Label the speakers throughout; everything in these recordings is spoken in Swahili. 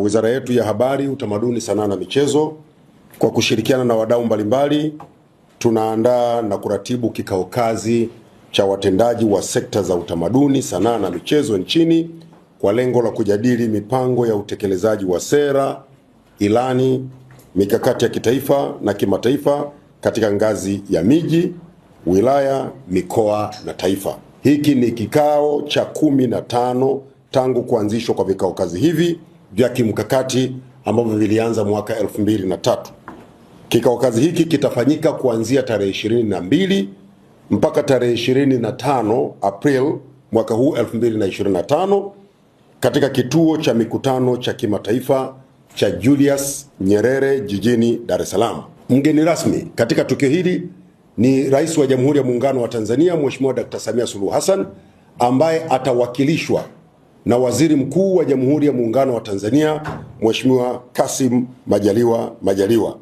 Speaker 1: Wizara yetu ya Habari, Utamaduni, Sanaa na Michezo kwa kushirikiana na wadau mbalimbali tunaandaa na kuratibu kikao kazi cha watendaji wa sekta za utamaduni, sanaa na michezo nchini kwa lengo la kujadili mipango ya utekelezaji wa sera, ilani, mikakati ya kitaifa na kimataifa katika ngazi ya miji, wilaya, mikoa na taifa. Hiki ni kikao cha kumi na tano tangu kuanzishwa kwa vikao kazi hivi vya kimkakati ambavyo vilianza mwaka elfu mbili na tatu. Kikao kazi hiki kitafanyika kuanzia tarehe ishirini na mbili mpaka tarehe ishirini na tano April mwaka huu tano katika kituo cha mikutano cha kimataifa cha Julius Nyerere jijini Dar es Salaam. Mgeni rasmi katika tukio hili ni Rais wa Jamhuri ya Muungano wa Tanzania Mheshimiwa Dr. Samia Suluhu Hassan ambaye atawakilishwa na Waziri Mkuu wa Jamhuri ya Muungano wa Tanzania Mheshimiwa Kassim Majaliwa Majaliwa.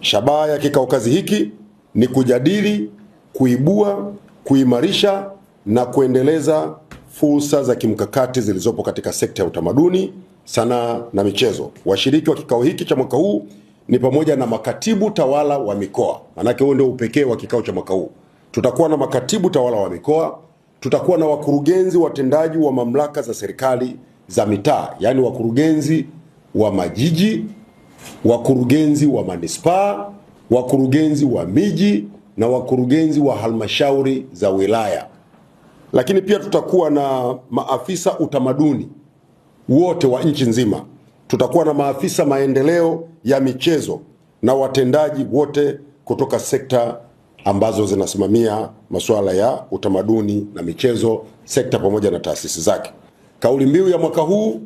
Speaker 1: Shabaha ya kikao kazi hiki ni kujadili, kuibua, kuimarisha na kuendeleza fursa za kimkakati zilizopo katika sekta ya utamaduni, sanaa na michezo. Washiriki wa kikao hiki cha mwaka huu ni pamoja na makatibu tawala wa mikoa, manake huo ndio upekee wa kikao cha mwaka huu. Tutakuwa na makatibu tawala wa mikoa tutakuwa na wakurugenzi watendaji wa mamlaka za serikali za mitaa, yaani wakurugenzi wa majiji, wakurugenzi wa manispaa, wakurugenzi wa miji na wakurugenzi wa halmashauri za wilaya. Lakini pia tutakuwa na maafisa utamaduni wote wa nchi nzima, tutakuwa na maafisa maendeleo ya michezo na watendaji wote kutoka sekta ambazo zinasimamia masuala ya utamaduni na michezo, sekta pamoja na taasisi zake. Kauli mbiu ya mwaka huu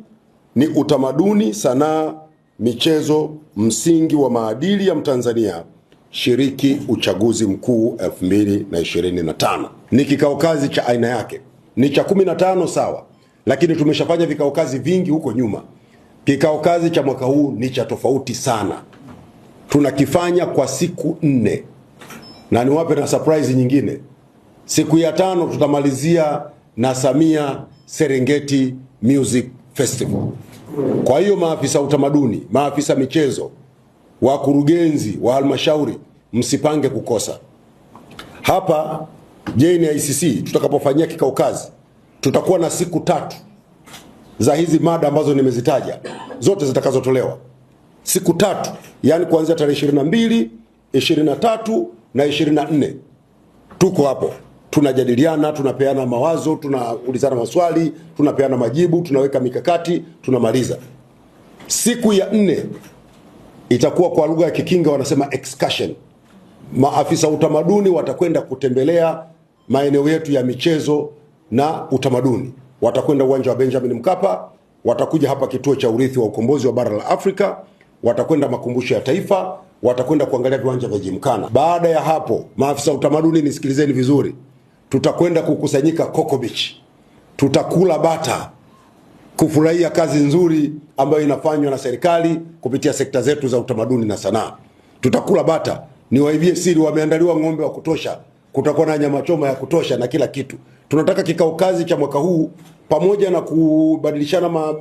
Speaker 1: ni utamaduni, sanaa, michezo, msingi wa maadili ya Mtanzania, shiriki uchaguzi mkuu 2025. Ni kikao kazi cha aina yake, ni cha 15 sawa, lakini tumeshafanya vikao kazi vingi huko nyuma. Kikao kazi cha mwaka huu ni cha tofauti sana, tunakifanya kwa siku nne na niwape na surprise nyingine. Siku ya tano tutamalizia na Samia Serengeti Music Festival. Kwa hiyo maafisa utamaduni, maafisa michezo, wakurugenzi wa halmashauri, msipange kukosa hapa. JNICC tutakapofanyia kikao kazi, tutakuwa na siku tatu za hizi mada ambazo nimezitaja zote zitakazotolewa, siku tatu, yani kuanzia tarehe 22, 23 na ishirini na nne tuko hapo, tunajadiliana, tunapeana mawazo, tunaulizana maswali, tunapeana majibu, tunaweka mikakati, tunamaliza. Siku ya nne itakuwa kwa lugha ya Kikinga wanasema excursion. Maafisa utamaduni watakwenda kutembelea maeneo yetu ya michezo na utamaduni, watakwenda uwanja wa Benjamin Mkapa, watakuja hapa kituo cha urithi wa ukombozi wa bara la Afrika, watakwenda makumbusho ya taifa watakwenda kuangalia viwanja vya Jimkana. Baada ya hapo, maafisa utamaduni, nisikilizeni vizuri, tutakwenda kukusanyika Coco Beach, tutakula bata kufurahia kazi nzuri ambayo inafanywa na serikali kupitia sekta zetu za utamaduni na sanaa. Tutakula bata, ni waibie siri, wameandaliwa ng'ombe wa kutosha, kutakuwa na nyama choma ya kutosha na kila kitu. Tunataka kikao kazi cha mwaka huu, pamoja na kubadilishana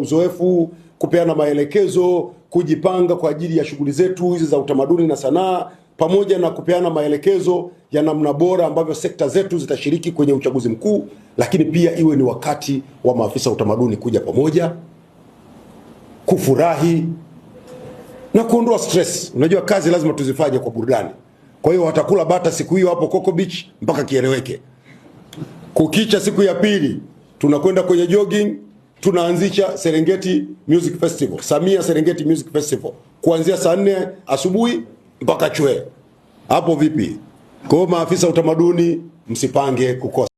Speaker 1: uzoefu, kupeana maelekezo kujipanga kwa ajili ya shughuli zetu hizi za utamaduni na sanaa pamoja na kupeana maelekezo ya namna bora ambavyo sekta zetu zitashiriki kwenye uchaguzi mkuu, lakini pia iwe ni wakati wa maafisa utamaduni kuja pamoja kufurahi na kuondoa stress. Unajua kazi lazima tuzifanye kwa burudani. Kwa hiyo watakula bata siku hiyo hapo Coco Beach mpaka kieleweke. Kukicha siku ya pili tunakwenda kwenye jogging tunaanzisha Serengeti Music Festival, Samia Serengeti Music Festival kuanzia saa nne asubuhi mpaka chwe Hapo vipi? Kwa maafisa utamaduni, msipange kukosa.